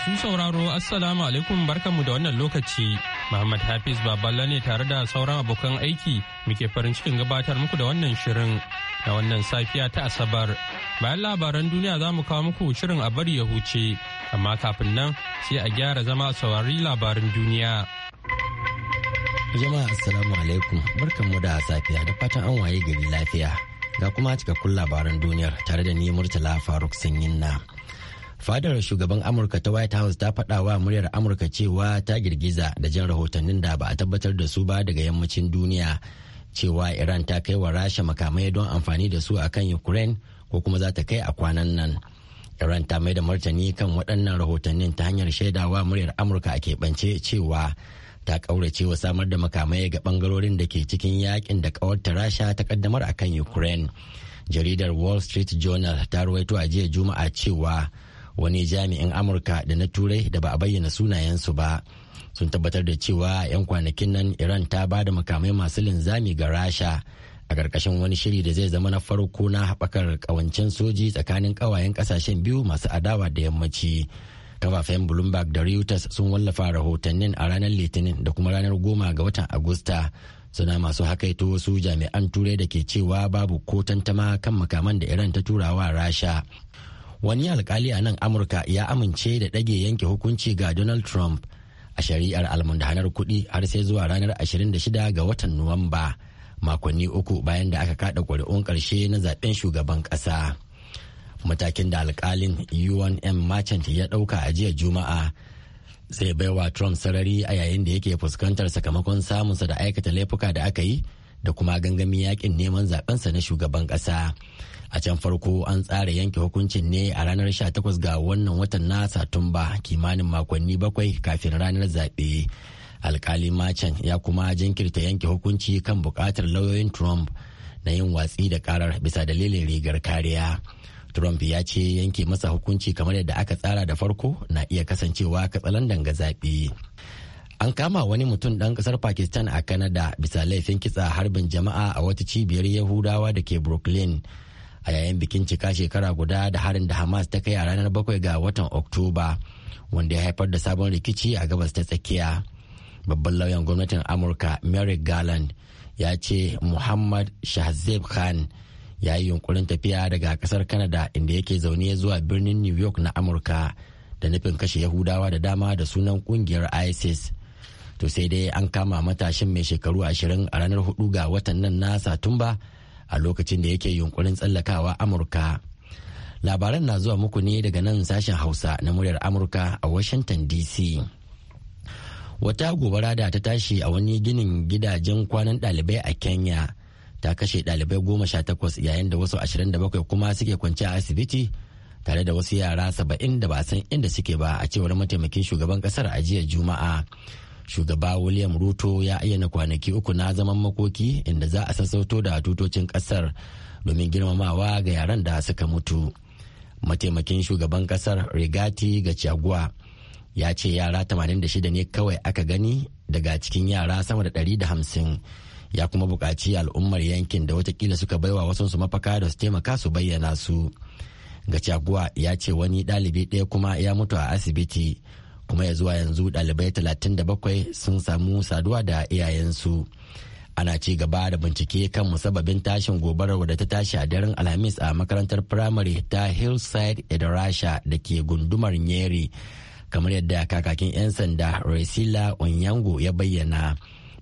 Masu sauraro Assalamu alaikum barkanmu da wannan lokaci. Muhammad Hafiz Baballa ne tare da sauran abokan aiki muke farin cikin gabatar muku da wannan shirin da wannan safiya ta Asabar. Bayan labaran duniya za mu kawo muku shirin a bari ya huce, amma kafin nan sai a gyara zama a saurari labaran duniya. Jama'a Assalamu alaikum barkanmu da safiya da fatan an waye gari lafiya. Ga kuma cikakkun labaran duniyar tare da ni Murtala Faruk Sanyin na. fadar shugaban amurka ta white house ta faɗa wa muryar amurka cewa ta girgiza da jin rahotannin da ba a tabbatar da su ba daga yammacin duniya cewa iran ta kai wa rasha makamai don amfani da su akan ukraine ko kuma za ta kai a kwanan nan iran ta mai da martani kan waɗannan rahotannin ta hanyar shaidawa muryar amurka a keɓance cewa ta ƙaurace wa samar da makamai ga ɓangarorin da ke cikin yakin da ƙawarta rasha ta ƙaddamar akan ukraine jaridar wall street journal ta ruwaito a jiya juma'a cewa wani jami'in amurka da na turai da ba a bayyana sunayensu ba sun tabbatar da cewa 'yan kwanakin nan iran ta ba da makamai masu linzami ga rasha a ƙarƙashin wani shiri da zai zama na farko na haɓakar ƙawancen soji tsakanin ƙawayen ƙasashen biyu masu adawa da yammaci kafafen bloomberg da reuters sun wallafa rahotannin a ranar litinin da kuma ranar goma ga watan agusta suna masu hakaito wasu jami'an turai da ke cewa babu ko tantama kan makaman da iran ta turawa rasha wani alkali a nan amurka ya amince da ɗage yanke hukunci ga donald trump a shari'ar almundahanar kuɗi har sai zuwa ranar 26 ga watan nuwamba makonni uku bayan da aka kada ƙuri'un ƙarshe na zaben shugaban ƙasa matakin da alkalin unm merchant ya ɗauka a jiya juma'a zai baiwa trump sarari a yayin da yake fuskantar sakamakon samunsa da aikata laifuka da aka yi da kuma gangami yakin neman zaɓensa na shugaban ƙasa. a can farko an tsara yanke hukuncin ne a ranar 18 ga wannan watan na satumba kimanin makonni bakwai kafin ranar zaɓe alkali macen ya kuma jinkirta yanke hukunci kan buƙatar lauyoyin trump na yin watsi da karar bisa dalilin rigar kariya trump ya ce yanke masa hukunci kamar yadda aka tsara da farko na iya kasancewa katsalandan ga zaɓe an kama wani mutum ɗan ƙasar pakistan a canada bisa laifin kitsa harbin jama'a a wata cibiyar yahudawa da ke brooklyn a yayin bikin cika shekara guda da harin da hamas ta kai a ranar bakwai ga watan oktoba wanda ya haifar da sabon rikici a gabas ta tsakiya babban lauyan gwamnatin amurka merrick garland ya ce muhammad shahzeb khan ya yi yunkurin tafiya daga kasar kanada inda yake zaune zuwa birnin new york na amurka da nufin kashe yahudawa da dama da sunan kungiyar isis to sai dai an kama matashin mai shekaru ashirin a ranar hudu ga watan nan na satumba a lokacin da yake yunkurin tsallakawa amurka labaran na zuwa muku ne daga nan sashen hausa na muryar amurka a washington dc wata gobara da ta tashi a wani ginin gidajen kwanan dalibai a kenya ta kashe dalibai goma sha takwas yayin da wasu ashirin da bakwai kuma suke kwance a asibiti tare da wasu yara saba'in da ba san inda suke ba a cewar mataimakin shugaban kasar a jiya juma'a shugaba william ruto ya ayyana kwanaki uku na zaman makoki inda za a sassauto da tutocin kasar domin girmamawa ga yaran da suka mutu mataimakin shugaban kasar rigati ga chagua ya ce yara 86 ne kawai aka gani daga cikin yara sama da 150 ya kuma bukaci al'ummar yankin da watakila suka baiwa wasansu mafaka da su taimaka su bayyana su ga ya ce wani ɗalibi ɗaya kuma ya mutu a asibiti kuma ya zuwa yanzu ɗalibai 37 sun samu saduwa da iyayensu ana ci gaba da bincike kan musababin tashin gobarar da ta tashi a daren alhamis a makarantar firamare ta hillside edarasha da ke gundumar nyeri kamar yadda kakakin 'yan sanda resila onyango ya bayyana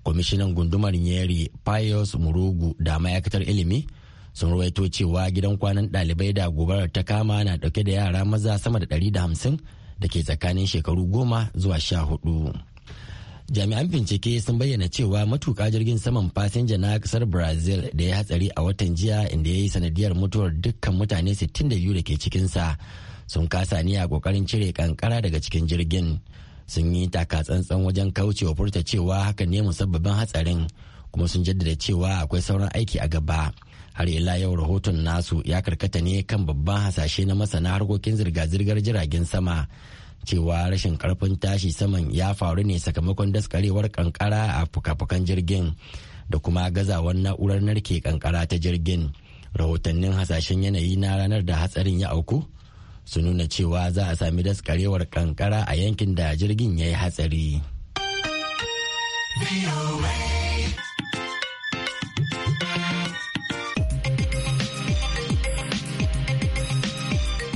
kwamishinan gundumar nyeri pius murugu da ma'aikatar ilimi sun ruwaito cewa gidan kwanan ɗalibai da gobarar ta kama na ɗauke da yara maza sama da 150 da ke tsakanin shekaru goma zuwa sha hudu. jami'an bincike sun bayyana cewa matuƙa jirgin saman fasinja na ƙasar brazil da ya hatsari a watan jiya inda ya yi sanadiyar mutuwar dukkan mutane sittin da biyu da ke cikinsa sun kasa ni a ƙoƙarin cire kankara daga cikin jirgin sun yi taka-tsantsan wajen kaucewa furta cewa haka ne musabbabin hatsarin kuma sun jaddada cewa akwai sauran aiki a gaba har ila yau rahoton nasu ya karkata ne kan babban hasashe na masana harkokin zirga-zirgar jiragen sama cewa rashin karfin tashi saman ya faru ne sakamakon daskarewar kankara a fuka-fukan jirgin da kuma gazawar na'urar narke kankara ta jirgin rahotannin hasashen yanayi na ranar da hatsarin ya auku su nuna cewa za a sami daskarewar kankara a yankin da jirgin ya yi hatsari.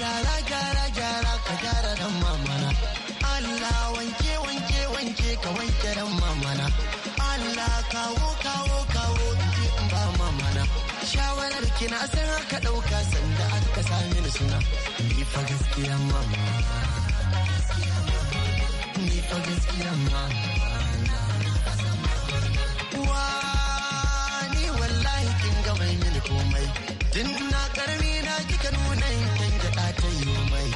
gyara gyara gyara ka gyara dan mamana Allah wanke wanke wanke ka wanke dan mamana Allah kawo kawo kawo ki in ba mamana shawarar ki na san aka dauka sanda aka sami ni suna ni fa gaskiya mama ni fa gaskiya mama komai tun na karami na kika nuna ta mai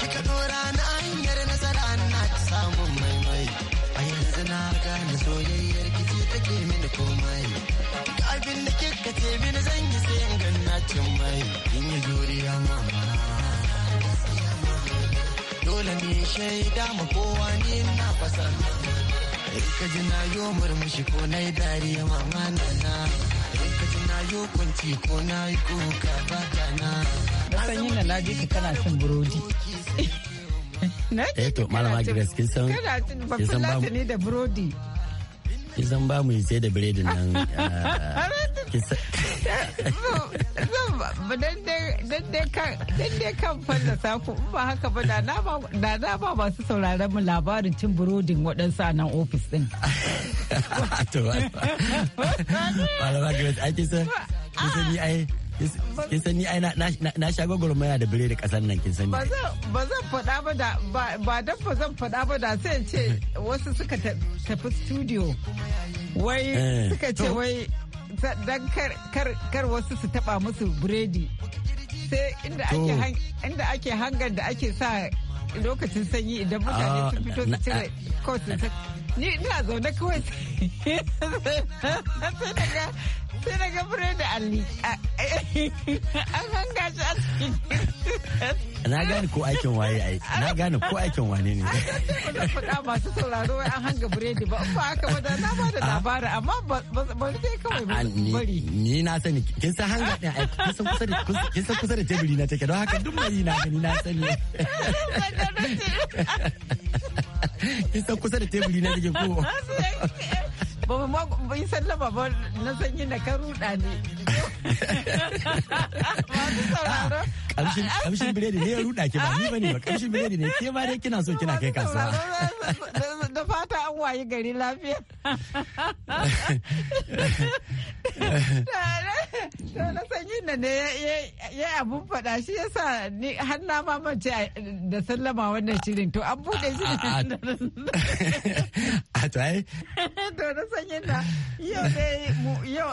kika dora na hanyar nasara na ta samun maimai a yanzu na gane soyayyar kici take mini komai duk abin da kika ce mini zan yi sai in ganna cin mai in yi juriya mama dole ne shaida ma kowa ne na fasa ka ji na yo murmushi ko na yi dariya mama na dokunci ko na yi kuka ba na. Na san yin na ka kana shan burodi. Eto, eh ce to malama Grace kin san kin san ba mu da burodi. Kin san ba mu sai da biredin nan. Ah, dai kan fallasa ku ba haka ba da na ba masu sauraron mu labarin cin burodin waɗansu a nan ofis ɗin. To ba. Malama Grace, ai kisan ni ai kin sani ai na sha maya da bire da kasan nan kin sani ba zan faɗa ba da ba dan ba zan faɗa ba da sai ce wasu suka tafi studio wai suka ce wai don kar wasu su taba musu biredi sai inda ake hangar da ake sa lokacin sanyi idan mutane ah, sun fito su cire kawai ni ina zaune kawai sai daga biredi alli an hanga shi a cikin na gane ko aikin waye ai na gane ko aikin wane ne kuɗa masu sauraro wai an hanga biredi ba ba haka ba da na bada ah. labari amma bari dai kawai ah, bari ni na sani kin san hanga din ai kin san kusa da kin san kusa da teburi na take don haka duk mai yi na gani na sani kin san kusa da teburi na take ko ba mu ma bai sallama ba na san yin ka ruda ne kamshin biredi ne ya ruɗa ki ba ni ne ba kamshin biredi ne ke ba dai kina so kina kai kasuwa da fata waye gari lafiya na sanyin da ne ya abun faɗa shi yasa ni har na mace da sallama wannan shirin to an buɗe shi a tsaye to na sanyin da yau dai yau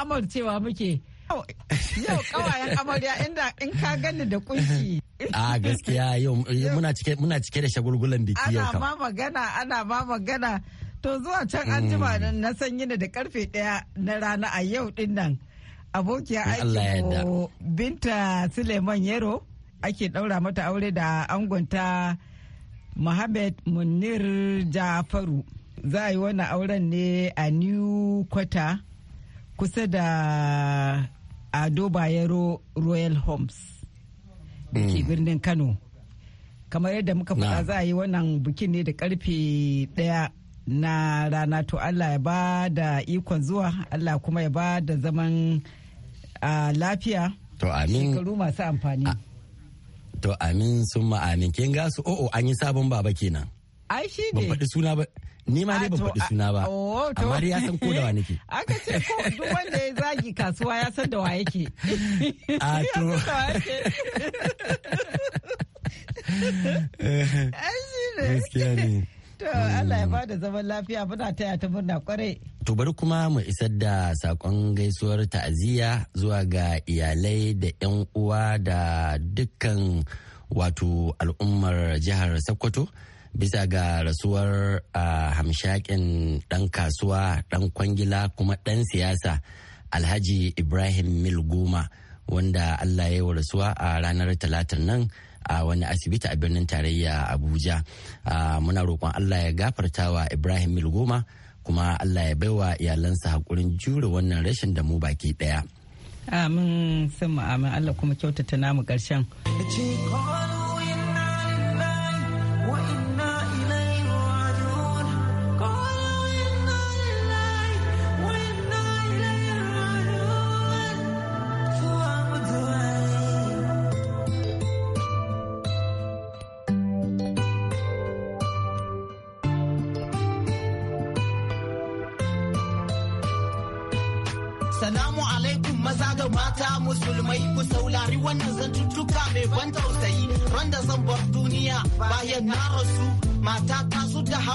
amurcewa muke Yau kawayen amarya inda in ka gani da kunshi. A gaskiya yau muna cike da da shagulgulan biki yau. Ana ma magana ana ma magana. To zuwa can mm. an jima na sanyi da karfe daya na rana a yau din nan. Abokiya aiki Binta Suleiman Yero ake daura mata aure da angonta Muhammad Munir Jafaru. Za a yi wani auren ne a New Quarter kusa da ado bayero royal homes da ke mm. birnin kano kamar yadda muka faɗa za a yi wannan bikin ne da karfe ɗaya na rana to allah ya ba da ikon zuwa allah kuma ya ba da zaman lafiya shekaru masu amfani to amin sun ma'amin kin gasu o'o oh, oh, an yi sabon baba kenan ai shi ne ban faɗi suna ba ni ma dai ban faɗi suna ba oh, amma dai ya san ko da wa nake aka ce ko duk wanda ya zagi kasuwa ya san da wa yake a to ai shi ne gaskiya ne To Allah ya ba da zaman lafiya muna taya ta murna kwarai. To bari kuma mu isar da sakon gaisuwar ta'aziyya zuwa ga iyalai da 'yan uwa da dukkan wato al'ummar jihar Sokoto. bisa ga rasuwar a hamshakin dan kasuwa dan kwangila kuma dan siyasa alhaji ibrahim mil goma wanda allah ya yi rasuwa a ranar talatin nan a wani asibiti a birnin tarayya abuja muna roƙon allah ya gafarta wa ibrahim mil goma kuma allah ya baiwa iyalansa haƙurin jure wannan rashin da mu baki ɗaya amin sun amin allah kuma kyautata namu ƙarshen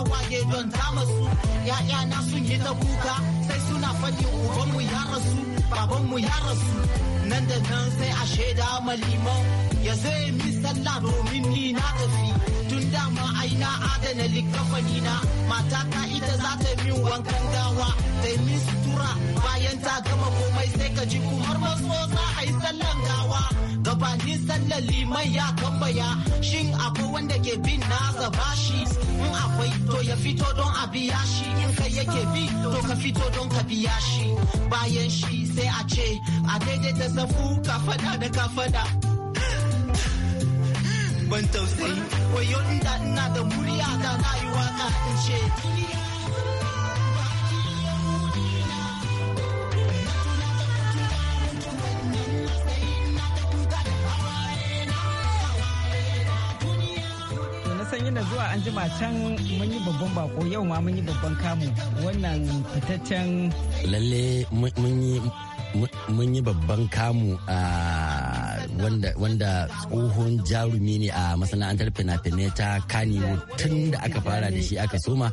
wage don dama su ya'ya na sun yi ta kuka sai suna faɗi ubanmu ya rasu babanmu ya rasu nan da nan sai a shaida liman ya zai mi sallah domin ni na tafi tun dama ai na adana likafani na mata ta ita za ta min wankan gawa sai mi sutura bayan ta gama ko kalla liman ya tambaya shin akwai wanda ke bin gaba shi in akwai to ya fito don a biya shi in kai yake bi to ka fito don ka biya shi bayan shi sai a ce a daidaita safu ka fada da ka fada ban tausayi wayo inda ina da murya da rayuwa ka in ce san yana zuwa an jima can mun yi babban bako yau ma mun yi babban kamu wannan fitaccen lalle mun yi babban kamu a wanda tsohon jarumi ne a masana'antar fina-finai ta kaniwood tun da aka fara da shi aka soma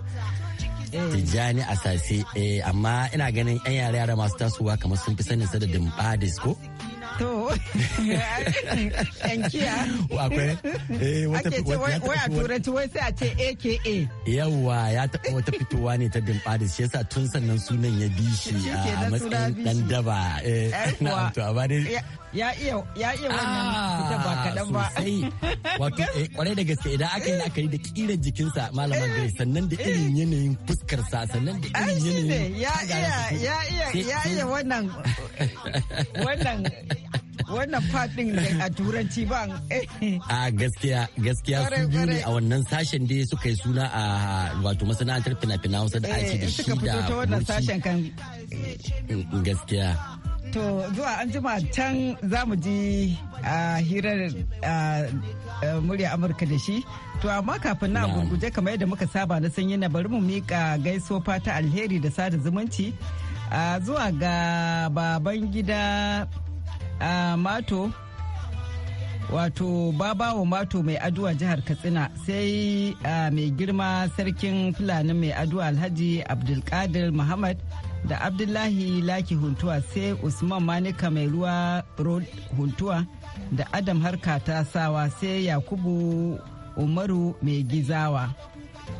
eh. Tijjani a sase eh, amma ina ganin 'yan yare yara masu tasowa kamar sun fi sanin sa da dimba disco To, yankiya. Akwai, eh, wata fitowa. Wai sai a ce AKA. Yawwa ya taɓa wata fitowa ne ta dimfa da shi yasa tun sannan sunan ya bi shi a matsayin dan daba. Eh, Na to amma dai. Ya iya wannan fita ah, ba kaɗan ba. Wato, kwarai eh, da gaske idan aka yi la'akari da ƙirar jikinsa malaman eh. gari sannan da irin yanayin fuskarsa sannan da irin yanayin. Ya iya, ya iya, ya iya wannan. Wannan wannan fadin a turanci ba a gaskiya gaskiya su biyu ne a wannan sashen da suka yi suna a wato masana'antar fina-fina wasu da ake da eh, shi da mm, gaskiya To zuwa an jima can za mu ji a hirar murya Amurka da shi. To amma kafin na gurguje kamar yadda muka saba na sanyi na bari mu miƙa gaiso fata alheri da sada zumunci. Zuwa ga baban gida mato wato babawo mato mai aduwa jihar katsina sai mai girma sarkin fulani mai aduwa alhaji abdulkadir muhammad da abdullahi laki huntuwa sai usman manika mai ruwa road huntuwa da adam harka ta sawa sai yakubu umaru mai gizawa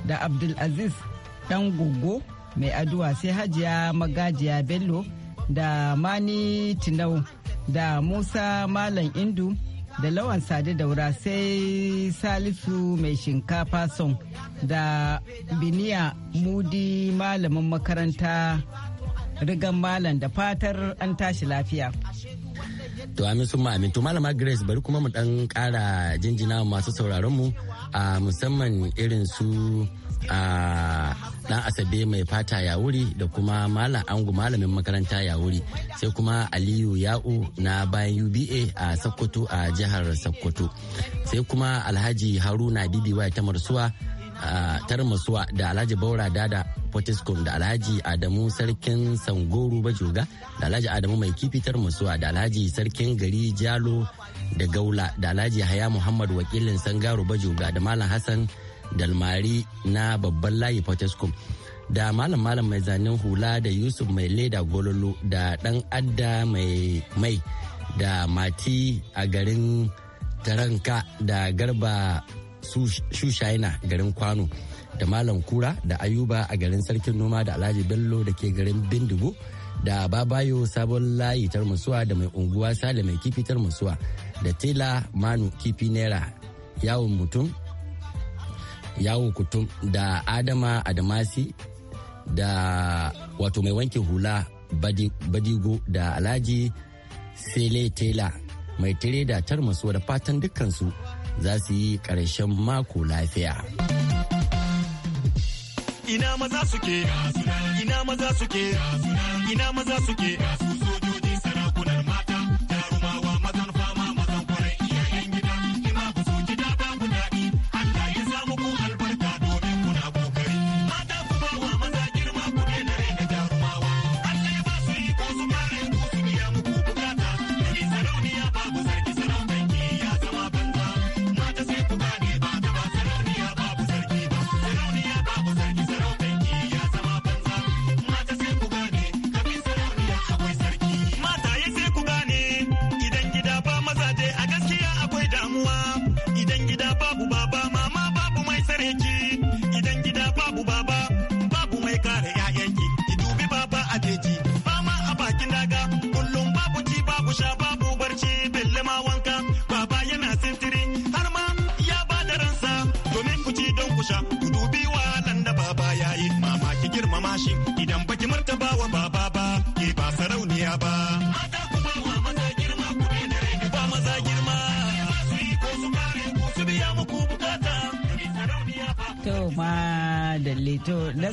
da abdulaziz dan gogo mai aduwa sai hajiya magajiya bello da mani tinau da Musa Malam Indu da Lawan sadi Daura sai Salisu mai shinkafa son da Biniya Mudi malamin makaranta rigan malam da fatar an tashi lafiya. To amin sun ma'amin to malama Grace bari kuma mu dan kara jinjina masu sauraron mu a musamman irin su a dan asabe mai fata ya wuri da kuma malam angu malamin makaranta ya wuri sai kuma aliyu ya'u na bayan uba a sokoto a jihar sokoto sai kuma alhaji haruna bibiwa ta marsuwa tarmasuwa da alhaji baura dada potiskum da alhaji adamu sarkin sangoro bajoga da alhaji adamu mai kifi tarmasuwa da alhaji sarkin gari jalo da gaula da alhaji haya muhammad wakilin sangaro bajoga da malam hassan dalmari na babban layi potescom da malam malam mai zanen hula da yusuf mai leda gololo da dan adda mai mai da mati a garin taranka da garba shushaina garin kwano da malam kura da ayuba a garin sarkin noma da alhaji bello da ke garin bindigo da babayo sabon layi tarmasuwa da mai unguwa sale mai kifi tarmasuwa da tela manu kifi naira yawon mutum yawo kutum da adama adamasi da wato mai wanke hula badigo da alhaji sele tela mai tire da tarmasu da fatan dukkansu za su yi ƙarshen mako lafiya. Ina maza suke, ina maza suke, ina maza suke.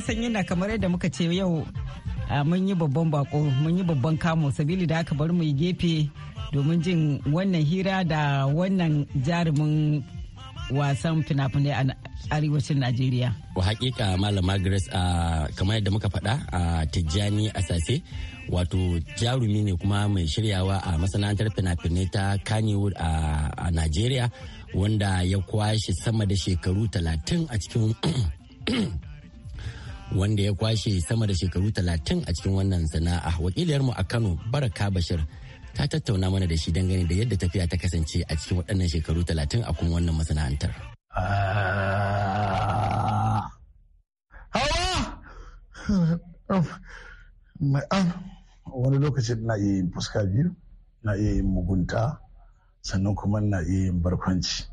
san yana kamar yadda muka ce yau mun yi babban bako mun yi babban kamo sabili da aka bar mu yi gefe domin jin wannan hira da wannan jarumin wasan fina-finai a arewacin Najeriya. Wa hakika malama Grace a kamar yadda muka faɗa a Tijjani Asase wato jarumi ne kuma mai shiryawa a masana'antar fina-finai ta Kannywood a Najeriya wanda ya kwashe sama da shekaru talatin a cikin wanda ya kwashe sama da shekaru talatin a cikin wannan sana'a mu a kano baraka bashir ta tattauna mana da shi dangane da yadda tafiya ta kasance a cikin waɗannan shekaru talatin a kuma wannan masana'antar. Ah! Ah! wani lokacin na iya yin fuska biyu na iya yin mugunta sannan kuma na iya yin barkwanci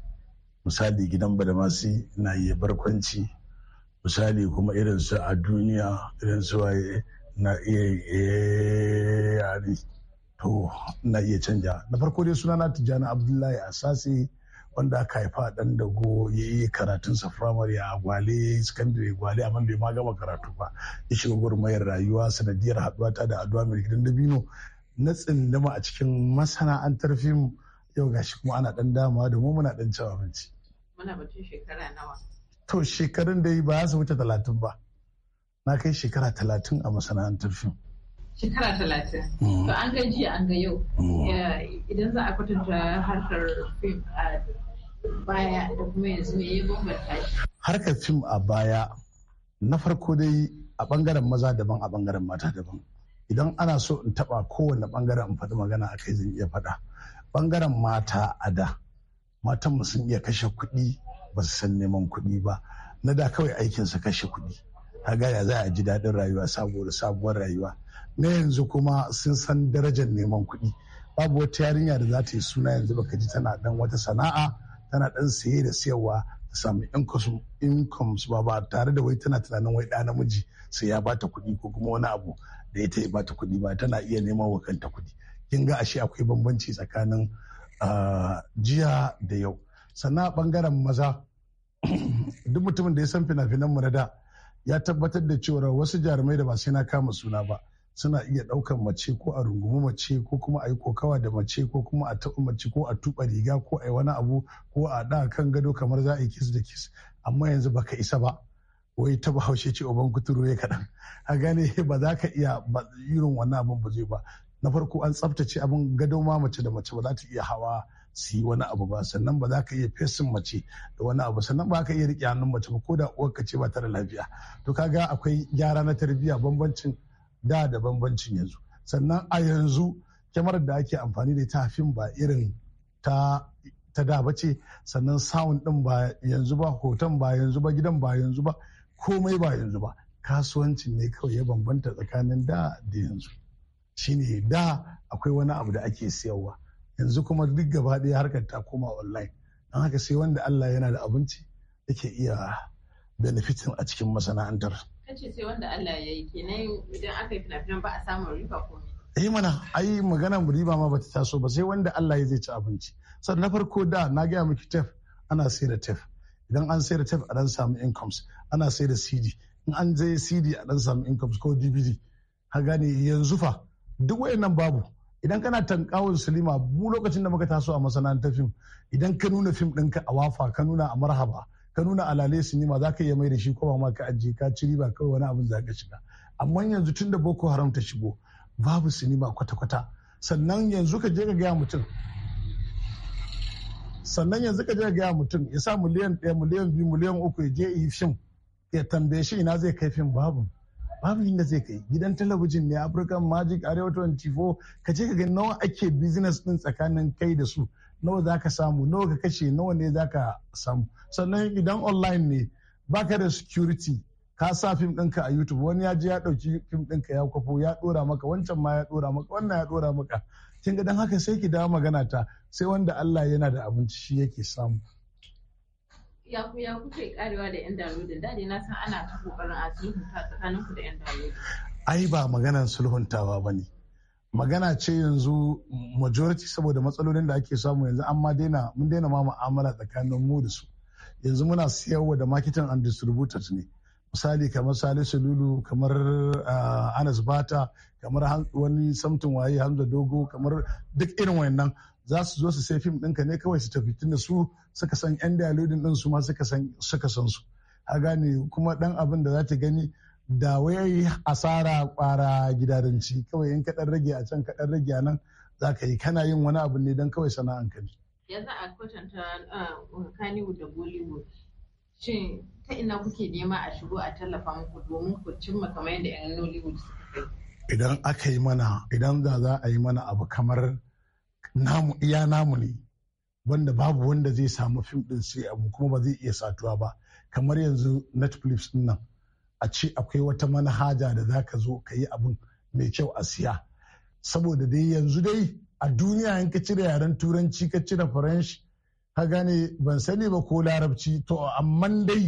misali gidan badamasi na iya barkwanci misali kuma irin su a duniya irin su waye na iya eh, yari to na iya canja na farko dai suna na tijjani abdullahi asasi wanda aka haifa dan dago ya yi karatunsa firamare a gwale secondary gwale amma bai ma gama karatu ba ya shiga gurmayar rayuwa sanadiyar haɗuwa ta da addu'a mai gidan dabino na tsindama a cikin masana'antar fim yau gashi kuma ana dan dama da mu muna dan cewa abinci muna batun shekara nawa to shekarun da yi ba su wuce talatin ba na kai shekara talatin a masana'antar fim shekara talatin mm. to an ga jiya an ga yau mm. idan za a kwatanta harkar fim a baya da kuma yanzu me ya bambanta harkar fim a baya na farko dai a bangaren maza daban a bangaren mata daban idan ana so in taba kowane bangaren in faɗi magana a kai zan iya faɗa bangaren mata a da matan mu sun iya kashe kuɗi ba su san neman kuɗi ba na da kawai aikin su kashe kuɗi Ta gaya za a ji daɗin rayuwa saboda sabuwar rayuwa na yanzu kuma sun san darajar neman kuɗi babu wata yarinya da za ta yi suna yanzu baka ji tana dan wata sana'a tana dan saye da sayarwa ta samu incomes ba ba tare da wai tana tunanin wai ɗa namiji sai ya bata kuɗi ko kuma wani abu da ya yi bata kuɗi ba tana iya neman wa kanta kuɗi kin ga ashe akwai bambanci tsakanin ah, jiya da yau sannan a ɓangaren maza duk mutumin da ya san fina-finan mu na da ya tabbatar da cewa wasu jarumai da ba sai na kama suna ba suna iya ɗaukan mace ko a rungumi mace ko kuma a yi kokawa da mace ko kuma a taɓa mace ko a tuɓa riga ko a yi wani abu ko a ɗa kan gado kamar za a yi kis da kis amma yanzu baka isa ba wai ta bahaushe ce oban kuturu ya kaɗan a gane ba za ka iya irin wannan abin ba zai ba na farko an tsaftace abin gado ma mace da mace ba za ta iya hawa su yi wani abu ba sannan ba za ka iya fesin mace da wani abu sannan ba ka iya riƙe hannun mace ba ko da ka ce ba ta da lafiya to kaga akwai gyara na tarbiyya bambancin da da bambancin yanzu sannan a yanzu kyamarar da ake amfani da ita fim ba irin ta ta da ba ce sannan sound din ba yanzu ba hoton ba yanzu ba gidan ba yanzu ba komai ba yanzu ba kasuwancin ne kawai ya bambanta tsakanin da da yanzu shine da akwai wani abu da ake siyarwa yanzu kuma duk gaba ɗaya harkar ta koma online don haka sai wanda Allah yana da abinci yake iya benefitin a cikin masana'antar. Kace sai wanda Allah ya yi kenan idan aka yi fina-finan ba a samun riba ko Eh mana ai magana riba ma bata taso ba sai wanda Allah ya zai ci abinci. Sannan na farko da na gaya miki tef ana sai da tef. Idan an sai da tef a dan samu incomes ana sai da CD. In an je CD a dan samu incomes ko DVD. Ha gane yanzu fa duk wayannan babu. idan kana tankawar silima bu lokacin da muka taso a masana'antar fim idan ka nuna fim ɗinka a wafa ka nuna a marhaba ka nuna alale sinima za ka iya mai da shi ko ma ka ajiye ka ci riba kawai wani abin za ka shiga amma yanzu tun da boko haram ta shigo babu sinima kwata-kwata sannan yanzu ka je ka gaya mutum sannan yanzu ka je ka gaya mutum ya sa miliyan ɗaya miliyan biyu miliyan uku ya je yi fim ya tambaye shi ina zai kai fim babu babu inda zai kai gidan talabijin ne african magic arewa 24 ka ka gani nawa ake business din tsakanin kai da su nawa za ka samu nawa ka kashe nawa ne za ka samu sannan idan online ne baka da security ka sa fim ɗinka a youtube wani ya je ya ɗauki fim ɗinka ya kwafo ya ɗora maka wancan ma ya ɗora maka wannan ya ɗora maka kin ga dan haka sai ki dawo magana ta sai wanda Allah yana da abinci shi yake samu ya ku ya kuke karewa da yan dalolin da na san ana ta kokarin a ta tsakanin ku da yan dalolin ai ba maganar sulhuntawa ba ne magana ce yanzu majority saboda matsalolin da ake samu yanzu an daina mun daina ma mu'amala tsakanin mu da su yanzu muna siyarwa da marketing and distributors ne misali kamar salisu lulu kamar anas bata kamar wani samtin waye hamza dogo kamar duk irin wayannan za su zo su sai fim ɗinka ne kawai su tafi tunda su suka san yan dalilin ɗin su ma suka san su a gane kuma ɗan abin da za ta gani da wai asara kwara gidaranci kawai in kaɗan rage a can kaɗan rage a nan za ka yi kana yin wani abu ne don kawai sana'an ka ne. yanzu a kwatanta kaniwu da bollywood shin ta ina kuke nema a shigo a tallafa muku domin ku kamar yadda 'yan Nollywood Idan aka yi mana idan za a yi mana abu kamar namu iya namu ne wanda babu wanda zai samu fim din sai abu kuma ba zai iya satuwa ba kamar yanzu Netflix din nan a ce akwai wata manhaja da za ka zo ka yi abin mai kyau a siya saboda dai yanzu dai a duniya in ka cire yaren turanci ka cire faransh ka gane ban sani ba ko larabci to amman dai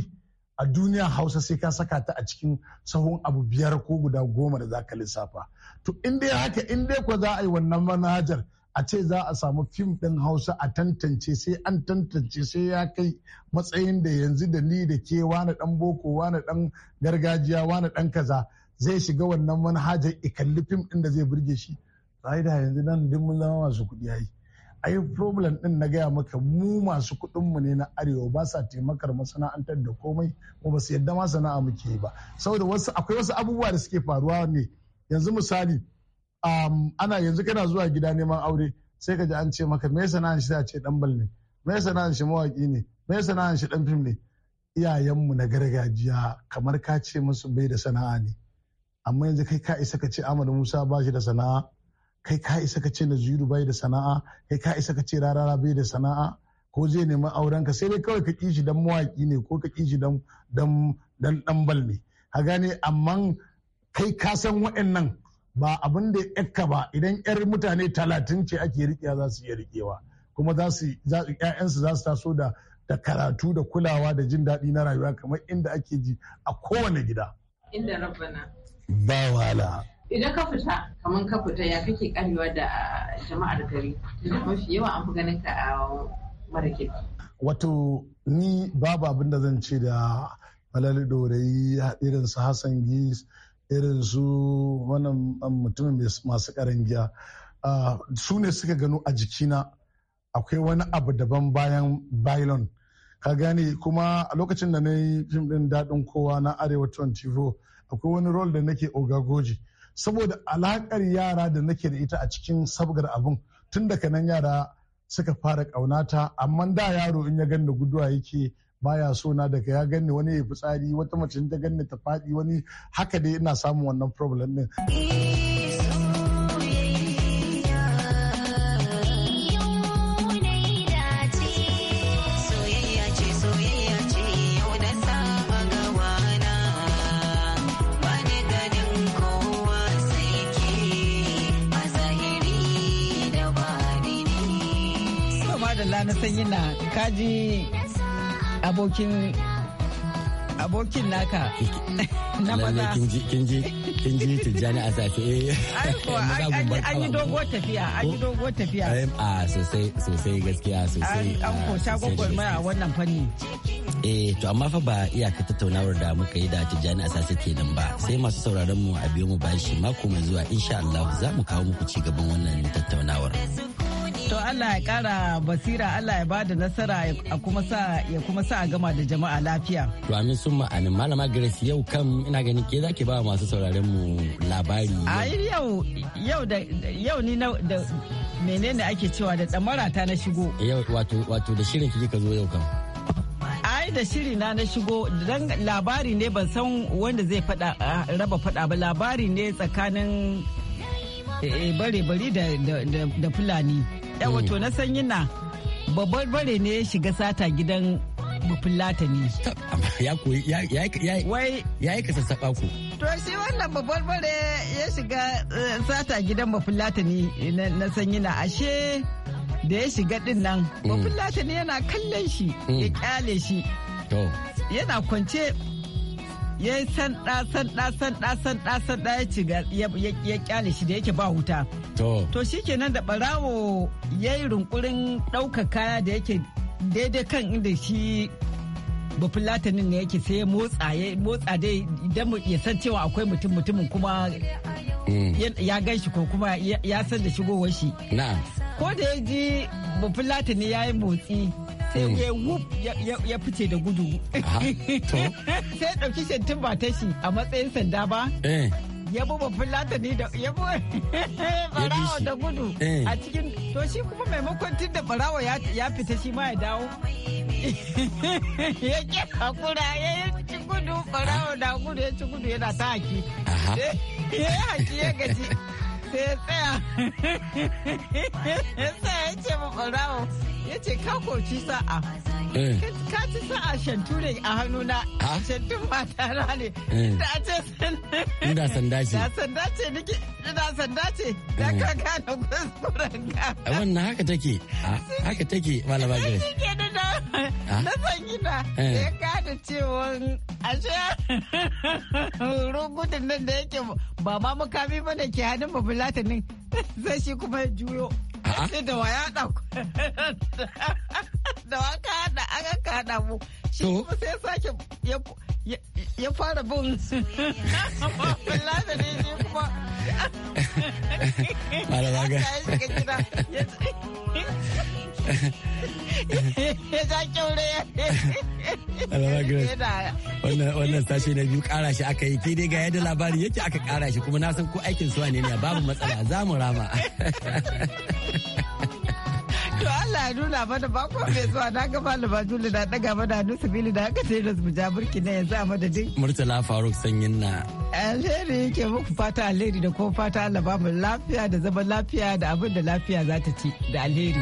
a duniya hausa sai ka saka ta a cikin sahun abu biyar ko guda goma da za ka lissafa to in dai haka in dai ko za a yi wannan manhajar a ce za a samu fim ɗin hausa a tantance sai an tantance sai ya kai matsayin da yanzu da ni da ke wani ɗan boko wani ɗan gargajiya wani ɗan kaza zai shiga wannan manhajar ikalli fim ɗin da zai burge shi da yanzu nan duk mun zama masu kuɗi yayi ai problem din na gaya maka mu masu kuɗin mu ne na arewa ba sa taimakar masana'antar da komai mu ba su yadda ma sana'a muke ba saboda wasu akwai wasu abubuwa da suke faruwa ne yanzu misali ana yanzu kana zuwa gida neman aure sai ka ji an ce maka me sana'an shi ce dan balne me sana'an shi mawaki ne me sana'an shi dan fim ne iyayenmu na gargajiya kamar ka ce musu bai da sana'a ne amma yanzu kai ka isa ka ce Ahmad Musa ba shi da sana'a kai ka isa ka ce na zuru bai da sana'a kai ka isa ka ce rarara bai da sana'a ko zai nemi auren ka sai dai kawai ka kishi dan mawaki ne ko ka kishi dan dan dan bal ne ka gane amma kai ka san waɗannan ba abin da yakka ba idan yar mutane talatin ce ake rikewa za su iya rikewa kuma za su ƴaƴansu za su taso da da karatu da kulawa da jin daɗi na rayuwa kamar inda ake ji a kowane gida. Inda rabbana. Ba wala. idan ka fita kamar ka fita ya kake karewa da jama'ar gari mafi yawa an fi ganin ka a mara wato ni babu abin da zan ce da malali dorayi irin su hassan gis irin su wannan um, mutumin masu karin giya ah, su ne suka gano a jikina akwai wani abu daban bayan bailon ka gane kuma a lokacin da na yi fim din daɗin kowa na arewa 24 akwai wani rol da nake ogagoji saboda alakar yara da nake da ita a cikin sabgar abun tun daga nan yara suka fara ƙaunata amma da yaro in ya ganni guduwa yake baya so na daga ya ganni wani ya fitsari wata mace ta ganni ta faɗi wani haka dai ina samun wannan problem din. abokin abokin naka na maza kin ji tijjani a safe eh, an yi dogo tafiya an yi dogo tafiya a sosai sosai gaskiya sosai an kosa mai a wannan fanni eh to amma fa ba iyaka tattaunawar da muka yi da tijjani a sase kenan ba sai masu sauraron mu a biyo mu bashi mako mai zuwa insha Allah za mu kawo muku ci gaban wannan tattaunawar. To Allah ya kara basira Allah ya bada nasara ya kuma sa ya kuma sa a gama da jama'a lafiya. To amin sun ma'anin malama Grace yau kam ina ganin ke zaki ba masu sauraren mu labari. A yau yau da yau ni na da menene ake cewa da tsamara ta na shigo. Yau wato wato da shirin kike ka zo yau kam. ai da shiri na na shigo dan labari ne ban san wanda zai fada ah, raba fada ba labari ne tsakanin eh, eh, bare bari da fulani yawa mm. to na sanyi na babbar bare ne ya shiga sata gidan bufin latani. Ya koyi ya yi ka sassaɓa ku. To shi wannan babbar bare ya shiga eh, sata gidan bufin latani eh, na sanyi na ashe da ya shiga din nan mm. bufin latani yana kallon shi mm. ya kyale shi. Yana kwance ya yi san ɗasan ɗasan ɗasan ɗasan ɗaya ci ya kyale shi da yake ba wuta. To shi kenan da ɓarawo ya yi rinkurin ɗaukar kaya da yake daidai kan inda shi bafulatanin ne yake sai ya motsa ya motsa dai idan ya san cewa akwai mutum mutumin kuma mm. ya gan shi ko kuma ya san da shigowar shi. Ko da ya ji bafulatani ya yi motsi sai eh. ya wuf ya fice da gudu sai ɗauki shantin ba tashi a matsayin sanda ba eh. ya bi babban latani da ya bi barawa da gudu eh. a cikin to shi kuma maimakon tun da barawa ya fita shi ma ya dawo ya ke hakura ya ci gudu barawa da gudu ya ci gudu yana ta haki ya haki ya gaji sai ya tsaya ya ce ma ɓarawo ya ce ka koci sa'a eh. ka ci sa'a shantu ne a hannuna shantun mata na ne eh. da a ce sanda sanda ce da sanda ce niki da sanda ce da eh. ka gane kuskuren ka wannan haka take haka take malama gari shi ke da na san gida ya gane cewa ashe rugudun nan da yake ba ma mukami ba da ke hannun babu latinin sai shi kuma juyo Da wa ya ɗauka. Da wa ka haɗa an ka haɗa mu. Shi kuma sai sake ya fara bin. Wallahi ne ne kuma. Malama ka yi shiga gida. ya ja wannan wannan sashe na biyu kara shi aka yi ke dai ga yadda labarin yake aka kara shi kuma na san ko aikin suwa ne ne babu matsala za mu rama To Allah ya nuna mana bako mai zuwa na ga malama Juli na daga mana hannu sabili da haka sai da mu ja burki na yanzu a madadin. Murtala Faruk sanyin na. Alheri yake muku fata alheri da kuma fata Allah ba mu lafiya da zaman lafiya da abin da lafiya za ta ci da alheri.